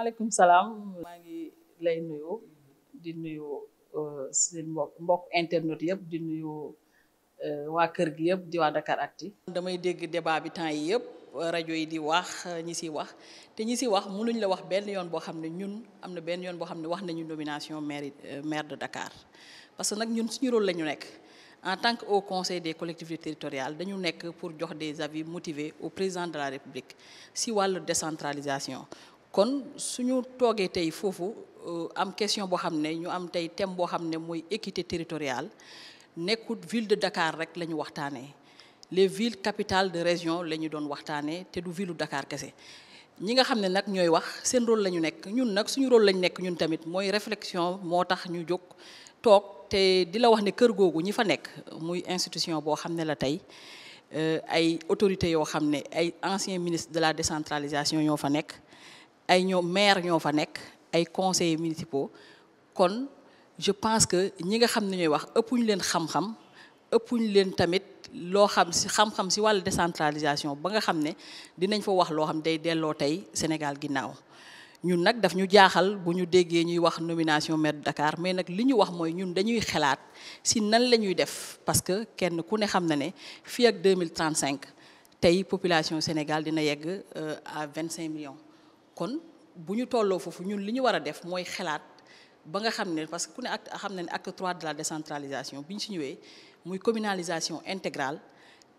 maaleykum salaam maa ngi lay nuyu di nuyu euh, seen mbokk mbokk internet yëpp di nuyu euh, waa kër gi yëpp di waa Dakaractu damay dégg débat bi temps yi yëpp rajo yi di wax ñi siy wax te ñi siy wax mënuñ la wax benn yoon boo xam ne ñun am na benn yoon boo xam ne wax nañu nomination maire euh, maire de Dakar parce que nag ñun suñu rôle la ñu nekk en tant que au conseil des collectivités territoriales dañu nekk pour jox des avis motivés au président de la république si wàllu décentralisation kon su ñu toogee tey foofu euh, am question boo xam ne ñu am tey thème boo xam ne mooy équité territoriale nekkut ville de Dakar rek la ñu waxtaanee les ville capitale de région la ñu doon waxtaanee te du ville Dakar kese ñi nga xam ne nag ñooy wax seen rôle la ñu nekk ñun nag suñu rôle la ñu nekk ñun tamit mooy réflexion moo tax ñu jóg toog te di la wax ne kër googu ñi fa nekk muy institution boo xam ne la tey euh, ay autorités yoo xam ne ay anciens ministre de la décentralisation ñoo fa nekk ay ñoom maire ñoo fa nekk ay conseillers municipaux kon je pense que ñi nga xam ne ñooy wax ëppuñu leen xam-xam ëppuñu leen tamit loo xam si xam-xam si wàllu décentralisation ba nga xam ne dinañ fa wax loo xam day delloo tey Sénégal ginnaaw ñun nag daf ñu jaaxal bu ñu déggee ñuy wax nomination maire de Dakar mais nag li ñu wax mooy ñun dañuy xalaat si nan la ñuy def parce que kenn ku ne xam na ne fii ak 2035 tey population Sénégal dina yegg euh, à cinq million kon bu ñu tolloo foofu ñun li ñu war a def mooy xelaat ba nga xam ne parce que ku ne ak xam ne ne ak trois de la décentralisation bi ñu si ñëwee muy communalisation intégrale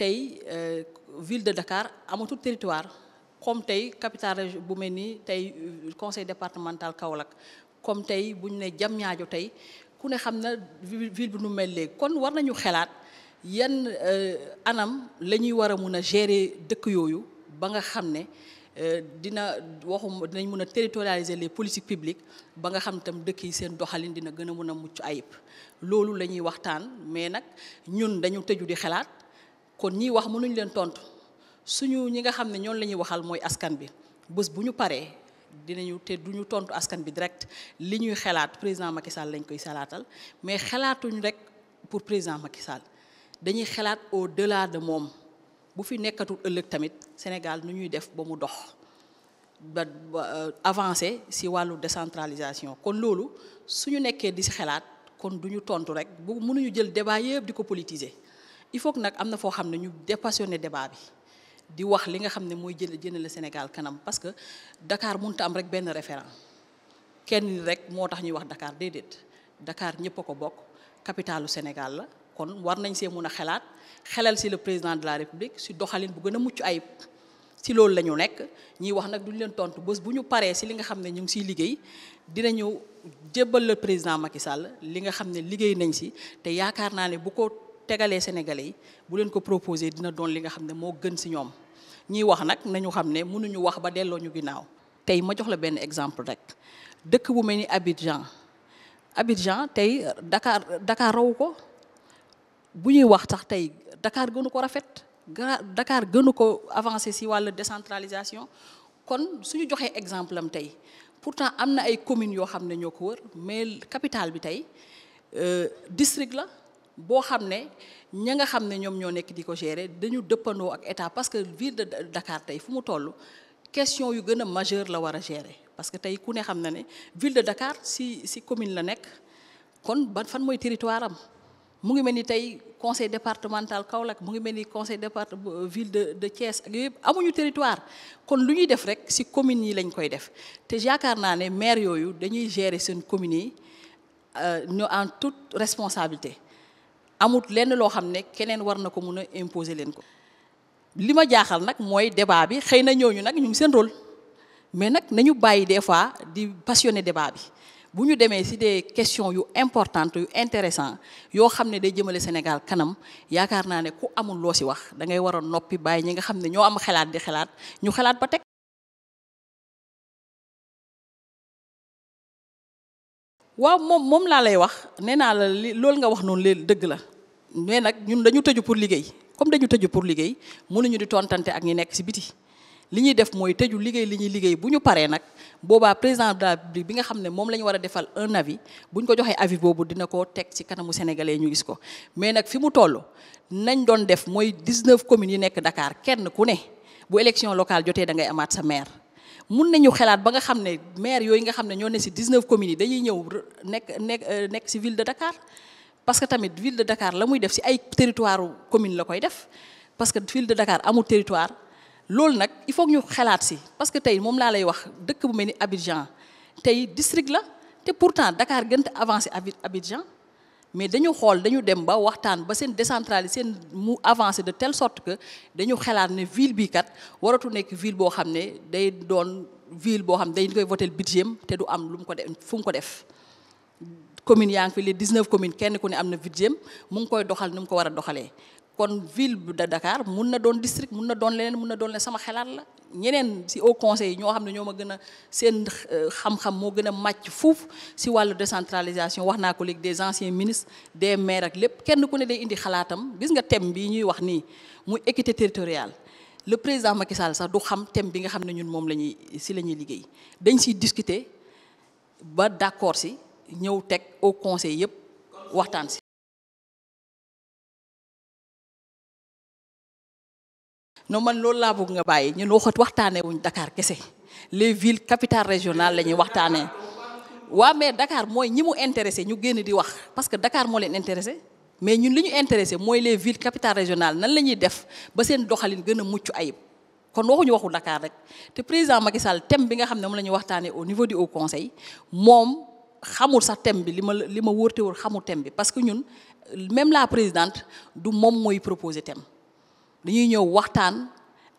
tey euh, ville de Dakar amatul territoire comme tey capitale bu mel ni tey euh, conseil départemental Kaolack comme tey bu ñu ne ñaajo tey ku ne xam na ville bi nu mel léegi kon war nañu xelaat yan euh, anam la ñuy war a mun a gérer dëkk yooyu ba nga xam ne Euh, dina waxuma dinañ mën a territorialiser les politiques publiques ba nga xam tam dëkk yi seen doxalin dina gën a mën a mucc ayib loolu la ñuy waxtaan mais nag ñun dañu tëju di xalaat kon ñi wax mënuñ leen tontu suñu ñi nga xam ne ñoom la ñuy waxal mooy askan bi bés bu ñu paree dinañu te duñu tontu askan bi direct li ñuy xalaat président Macky Sall lañ koy salaatal mais xalaatuñ rek pour président Macky Sall dañuy xalaat au delà de moom. bu fi nekkatul ëllëg tamit Sénégal nu ñuy def ba mu dox ba euh, avancer si wàllu décentralisation kon loolu suñu nekkee di si xalaat kon du ñu tontu rek bu mënuñu jël débat yëpp di ko politiser il faut nag am na foo xam ne ñu dépassionné débat bi di wax li nga xam ne mooy jël jënale Sénégal kanam parce que Dakar mënut am rek benn référent kenn rek moo tax ñuy wax Dakar déedéet dakaar ñëpp a ko bokk capitalu Sénégal la kon war nañ see mun a xalaat xelal si le président de la république si doxalin bu gën a mucc ayib si loolu la ñu nekk ñiy wax nag duñ leen tontu bés bu ñu paree si li nga xam ne ñu ngi siy liggéey dinañu jébbal le président Macky Sall li nga xam ne liggéey nañ si te yaakaar naa ne bu ko tegalee Sénégalais yi bu leen ko proposé dina doon li nga xam ne moo gën si ñoom ñiy wax nag nañu xam ne mënuñu wax ba delloo ñu ginnaaw. tey ma jox la benn exemple rek dëkk bu mel ni Abidjan Abidjan tey Dakar Dakar rawu ko. bu ñuy wax tax tey dakaar gënu ko rafet dakaar gënu ko avancé si wàll décentralisation kon suñu joxee exemple am tey pourtant am na ay communes yoo xam ne ñoo ko wër mais capital bi tey euh, district la boo xam ne ña nga xam ne ñoom ñoo nekk di ko gérer dañu dëppandoo ak état parce que ville de Dakar tey fu mu toll question yu gën a majeure la war a gérer parce que tey ku ne xam na ne ville de Dakar si si commune la nekk kon ban fan mooy territoire am mu ngi mel ni tey conseil départemental Kaolack mu ngi mel ni conseil départe euh, ville de de Thiès ak amuñu territoire kon lu ñuy def rek ci communes yi lañ koy def te yaakaar naa ne maire yooyu dañuy gérer seen communes yi euh, ñu en toute responsabilité amut lenn loo xam ne keneen war na ko mun a imposer leen ko. li ma jaaxal nag mooy débat bi xëy na ñooñu nag ñu ngi seen rôle mais nag nañu bàyyi des fois di passionner débat bi. bu ñu demee si des questions yu importantes yu intéressant yoo xam ne day jëmale Sénégal kanam yaakaar naa ne ku amul loo si wax dangay ngay war a noppi bàyyi ñi nga xam ne ñoo am xalaat di xalaat ñu xalaat ba teg. waaw moom moom laa lay wax nee naa la li nga wax noonu léegi dëgg la mais nag ñun dañu tëju pour liggéey comme dañu tëju pour liggéey ñu di tontante ak ñu nekk ci biti. li ñuy def mooy tëju liggéey li ñuy liggéey bu ñu paree nag booba président de la bi nga xam ne moom la ñu war a defal un avis bu ñu ko joxee avis boobu dina ko teg ci kanamu sénégalais ñu gis ko mais nag fi mu toll nañ doon def mooy 19 communes yi nekk Dakar kenn ku ne bu élection locale jotee da ngay amaat sa maire mun nañu xalaat ba nga xam ne maire yooyu nga xam ne ñoo ne si 19 commune yi dañuy ñëw nekk nekk euh, nekk si ville de Dakar parce que tamit ville de Dakar la muy def si ay territoire commune la koy def parce que ville de Dakar amul territoire loolu nag il faut ñu xalaat si parce que tey moom laa lay wax dëkk bu mel ni Abidjan tey district la te pourtant Dakar gën a avancé Abidjan mais dañu xool dañu dem ba waxtaan ba seen décentralisé seen mu avancé de telle sorte que dañu xalaat ne ville bi kat waratu nekk ville boo xam ne day doon ville boo xam ne dañ koy voté budget te du am lu mu ko def fu mu ko def. communes yaa ngi fi les 19 communes kenn ku ne am na budget mu ngi koy doxal ni mu ko war a doxalee kon ville de Dakar mun na doon district mun na doon leneen mun na doon leen sama xalaat la ñeneen si au conseil yi ñoo xam ne ñoo ma gën a seen euh, xam-xam moo gën a màcc fuuf si wàllu décentralisation wax naa ko léegi des anciens ministres des maires ak lépp kenn ku ne day indi xalaatam gis nga thème bi ñuy wax nii muy équité territoriale le président Macky sax du xam thème bi nga xam ne ñun moom la ñuy si la ñuy liggéey dañ si discuter ba d'accord si ñëw teg au conseil yëpp waxtaan si non man loolu laa bëgg nga bàyyi ñun waxat waxtaanee wuñ Dakar kese les villes capitales régionales la ñuy waxtaanee waa mais Dakar mooy ñi mu intéressé ñu génne di wax parce que Dakar moo leen intéressé mais ñun li ñu intéressé mooy les villes capitales régionales nan la ñuy def ba seen doxalin gën a mucc ayib kon waxuñu waxu dakaar rek te président Macky Sall thème bi nga xam ne moom la ñuy waxtaanee au niveau du haut conseil moom xamul sax thème bi li ma li ma wóorte xamul thème bi parce que ñun même la présidente du moom mooy proposer thème dañuy ñëw waxtaan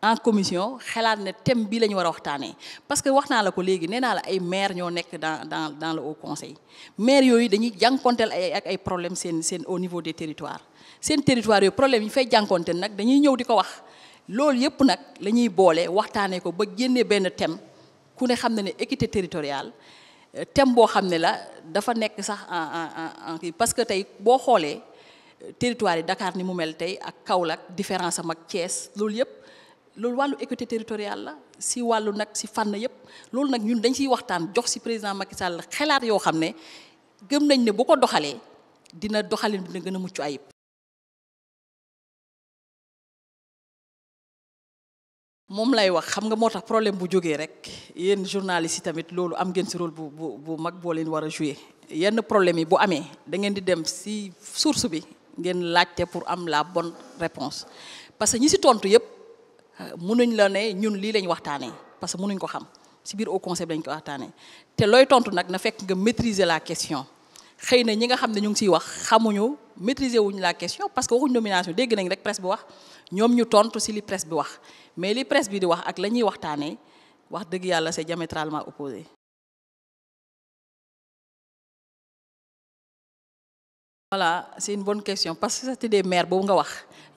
en commission xalaat ne thème bii la ñu war a waxtaanee parce que wax naa la ko léegi nee naa la ay maire ñoo nekk dan dans dans le conseil maire yooyu dañuy jànkonteel ak ay problème seen seen au niveau des territoires seen territoire yooyu problème yi fay jànkonteel nag dañuy ñëw di ko wax loolu yëpp nag la ñuy boole waxtaanee ko ba génnee benn thème ku ne xam na ne équité territoriale euh, thème boo xam ne la dafa nekk sax en en parce que tey boo xoolee. territoire yi dakaar ni mu mel tey ak Kaolack différence am ak Thiès loolu yëpp loolu wàllu équité territoriale la si wàllu nag si fànn yëpp loolu nag ñun dañ ciy waxtaan jox si président Macky Sall xelaat yoo xam ne gëm nañ ne bu ko doxalee dina doxalin dina gën a mucc ayib. moom lay wax xam nga moo tax problème bu jógee rek yéen journalistes yi tamit loolu am ngeen si rôle bu bu bu mag boo leen war a jouer yenn problème yi bu amee dangeen di dem si source bi ngeen laajte pour am la bonne réponse parce que ñi si tontu yëpp euh, mënuñ la ne ñun lii lañ waxtaanee parce que mënuñ ko xam si biir au concept lañ ko waxtaanee te looy tontu nag na fekk nga maîtriser la question xëy na ñi nga xam ne ñu ngi siy wax xamuñu maîtriser wuñ la question parce que waxuñ nomination dégg nañ rek presse bi wax ñoom ñu tontu si li presse bi wax mais li presse bi di wax ak la ñuy waxtaanee wax dëgg yàlla c'est diamétralement opposé voilà c'est une bonne question parce que statut des maire boobu nga wax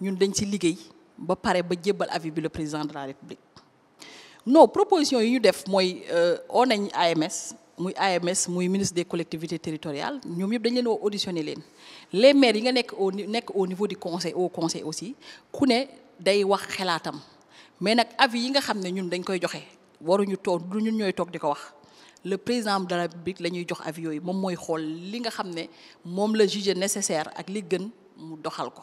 ñun dañ ci liggéey ba pare ba jébbal avis bi le président de la république non proposition yi ñu def mooy euh, oo nañ AMS muy AMS muy ministre de collectivité territoriales ñoom yëpp dañ leen woo auditionné leen les maire yi nga nekk au nekk au niveau du conseil au conseil aussi ku ne day wax xalaatam mais nag avis yi nga xam ne ñun dañ koy joxe waruñu toog du ñun ñooy toog di ko wax le président de la République la ñuy jox avis yi moom mooy xool li nga xam ne moom la jugé nécessaire ak li gën mu doxal ko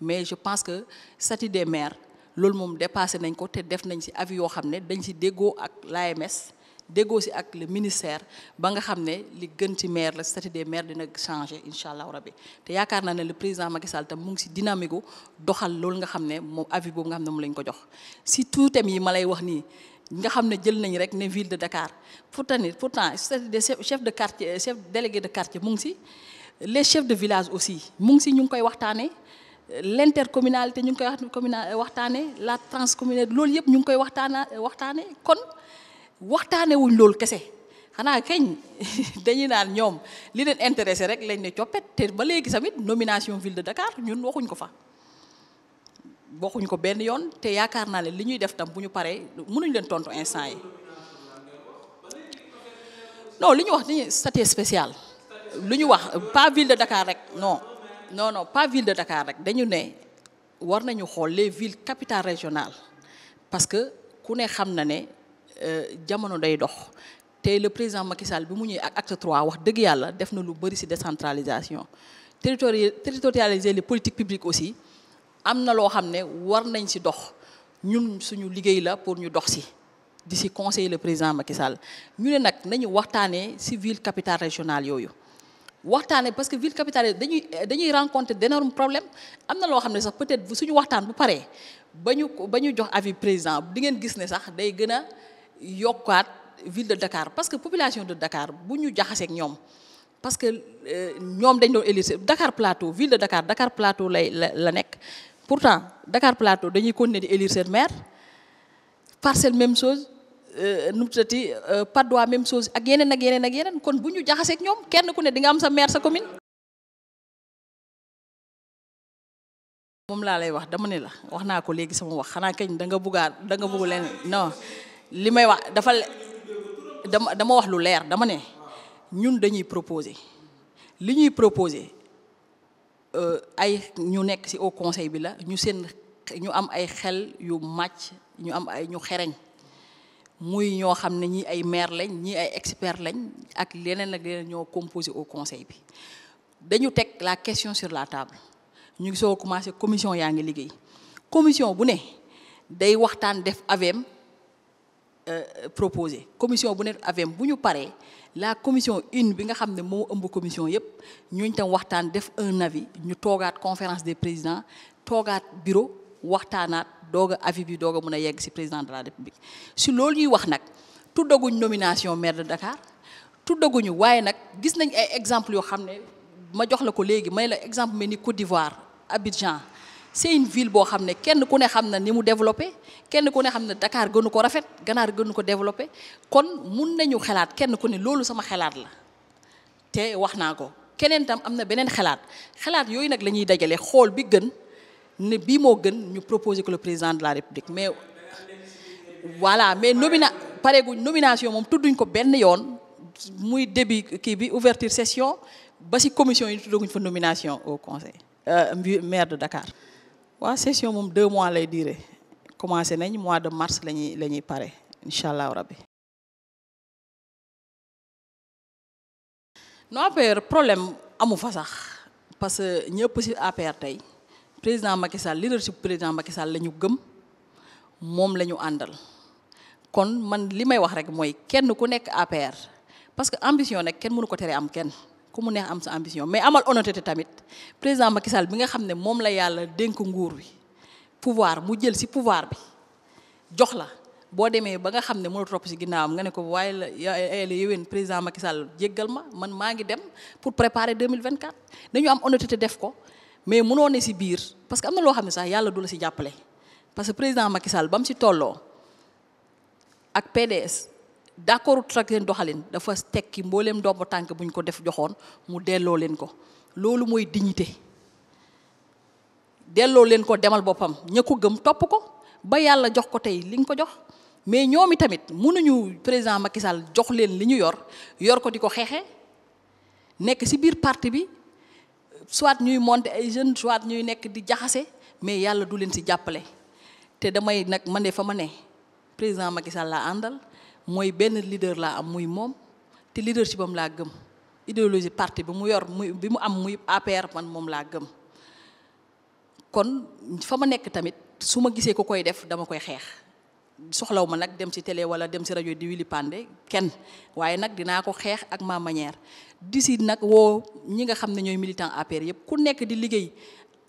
mais je pense que statut des maires loolu moom dépassé nañ ko te def nañ ci avis yoo xam ne dañ ci déggoo ak l'AMS déggoo ci ak le ministère ba nga xam ne li gën ci maire la statut des maires dina changer incha allah rabi te yaakaar naa ne le président Macky tam mu ngi ci dynamique doxal loolu nga xam ne moom avis boobu nga xam ne moom lañ ko jox si tout thème ma lay wax nii nga xam ne jël nañ rek ne ville de Dakar pourtant pourtant chef de quartier chef délégué de quartier mu ngi si les chefs de village aussi mu ngi si ñu ngi koy waxtaanee l'intercommunalité ñu ngi koy communal waxtaanee la transcommunalité loolu yëpp ñu ngi koy waxtaana waxtaanee kon waxtaanee wuñ loolu kese xanaa kañ dañuy daal ñoom li leen intéressé rek lañ ne coppet te ba léegi tamit nomination ville de Dakar ñun waxuñ ko fa. waxuñ ko benn yoon te yaakaar naa ne li ñuy def tam bu ñu paree mënuñ leen tontu instant yi non li ñu wax ni statut spécial lu ñu wax pas ville de Dakar rek non non non pas ville de Dakar rek dañu ne war nañu xool les villes capitales régionales parce que ku ne xam na ne euh, jamono day dox te le président Macky Sall bi mu ñuy ak acte 3 wax dëgg yàlla def na lu bëri ci décentralisation territori territorialiser les politiques publiques aussi am na loo xam ne war nañ si dox ñun suñu liggéey la pour ñu dox si di si conseiller le président Macky Sall ñu ne nag nañu waxtaanee si ville capitale régionale yooyu waxtaanee parce que ville capitale dañuy dañuy rencontrer d'énormes problème am na loo xam ne sax peut-être bu suñu waxtaan bu paree ba ñu ba ñu jox avis président di ngeen gis ne sax day gën a yokkaat ville de Dakar parce que population de Dakar bu ñu jaxaseek ñoom parce que euh, ñoom dañ doon élire Dakar Plateau ville de Dakar Dakar Plateau lay la la nekk pourtant Dakar Plateau dañuy continuer di élire seen maire parcelle même chose euh, nu mu tuddati euh, Patte même chose ak yeneen ak yeneen ak yeneen kon bu ñu jaxaseek ñoom kenn ku ne dinga am sa maire sa commune. moom laa lay wax dama ne la wax naa ko léegi sama wax xanaa keñ da nga buggaat da nga bugg leen non li may wax dafa dama dama wax lu leer dama ne ñun dañuy proposer li ñuy proposer. Euh, ay ñu nekk ci au conseil bi la ñu seen ñu am ay xel yu màcc ñu am ay ñu xereñ muy ñoo xam ne ñii ay maire lañ ñii ay expert lañ ak leneen ak leneen ñoo composé au conseil bi dañu teg la question sur la table ñu ngi soo commencé commission yaa ngi liggéey commission bu ne day waxtaan def avem Euh, proposé commission bu ne AVM bu ñu paree la commission une bi nga xam ne moo ëmb commission yëpp ñooñu tam waxtaan def un avis ñu toogaat conférence des président toogaat bureau waxtaanaat doog a avis bi doog a mën a yegg ci président de la république si loolu ñuy wax nag tuddaguñ nomination maire de Dakar tuddaguñu waaye nag gis nañ ay exemple yoo xam ne ma jox la ko léegi may la exemple mel ni Côte d'Ivoire Abidjan c'est une ville boo xam ne kenn ku ne xam na ni mu développé kenn ku ne xam ne dakaar gënu ko rafet Ganaar gënu ko développé kon mun nañu xalaat kenn ku ne loolu sama xalaat la te wax naa ko keneen tam am na beneen xalaat xalaat yooyu nag la ñuy dajale xool bi gën ne bii moo gën ñu proposer ko le président de la République mais voilà mais nomina pareeguñ nomination moom tudduñ ko benn yoon muy début kii bi ouverture session ba ci commission yi tuddaguñ fa nomination au conseil euh, maire de Dakar waaw session moom deux mois lay duré commencé nañ mois de mars la ñuy la ñuy pare incha allahu rabbi non APR problème amu fa sax parce que ñëpp si APR tey président Macky Sall leadership président Macky la ñu gëm moom la ñu àndal kon man li may wax rek mooy kenn ku nekk APR parce que ambition nag kenn mënu ko tere am kenn ku mu neex am sa ambition mais amal honnêteté tamit président Macky bi nga xam ne moom la yàlla dénk nguur wi pouvoir mu jël si pouvoir bi jox la boo demee ba nga xam ne mënul topp si am nga ne ko waaye la eh, eh, la yéwén président Macky Sall ma man maa ngi dem pour préparer 2024 dañu am honnêteté def ko mais mënoo ne si biir parce que am na loo xam ne sax yàlla du la si jàppale parce que président Macky Sall ba si tolloo ak d'accord ak leen doxalin dafa tekki mbooleem ndomb tànk bu ñu ko def joxoon mu delloo leen ko loolu mooy dignité delloo leen ko demal boppam ña ko gëm topp ko ba yàlla jox ko tey li nga ko jox mais ñoom i tamit mënuñu président Macky jox leen li ñu yor yor ko di ko xeexee nekk ci biir parti bi soit ñuy monter ay jeunes soit ñuy nekk di jaxase mais yàlla du leen ci jàppale te damay nag ma ne fa ma ne président Macky laa àndal mooy benn leader laa am muy moom te leadership am laa gëm idéologie parti bi mu yor muy bi mu am muy APR man moom laa gëm kon fa ma nekk tamit su ma gisee ku koy def dama koy xeex soxlaw ma nag dem ci télé wala dem ci rajo di wili pande kenn waaye nag dinaa ko xeex ak ma manière di si nag woo ñi nga xam ne ñooy militant APR yëpp ku nekk di liggéey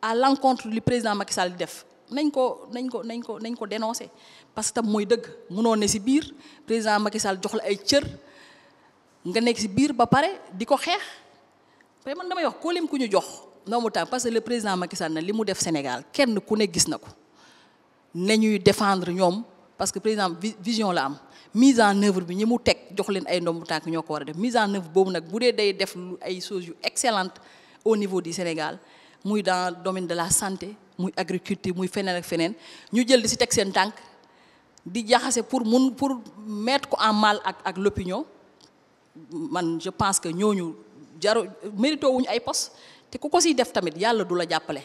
à l'encontre li président Macky def nañ ko nañ ko nañ ko nañ ko dénoncé parce que tam mooy dëgg munoo ne si biir président Macky Sall jox la ay cër nga nekk si biir ba pare di ko xeex te man damay yox koo lim ku ñu jox noomu tànk parce que le président Macky na li mu def Sénégal kenn ku ne gis na ko ñuy défendre ñoom parce que président vision la am mise en œuvre bi ñi mu teg jox leen ay ndombu tànk ñoo ko war a def mise en œuvre boobu nag bu dee day def lu ay choses yu excellente au niveau du Sénégal muy dans le domaine de la santé muy agriculture muy feneen ak feneen ñu jël di si teg seen tànk di jaxase pour mun pour mettre ko en mal ak ak l'opinion man je pense que ñooñu jaru mérito wuñu ay poste te ku ko siy def tamit yàlla du la jàppale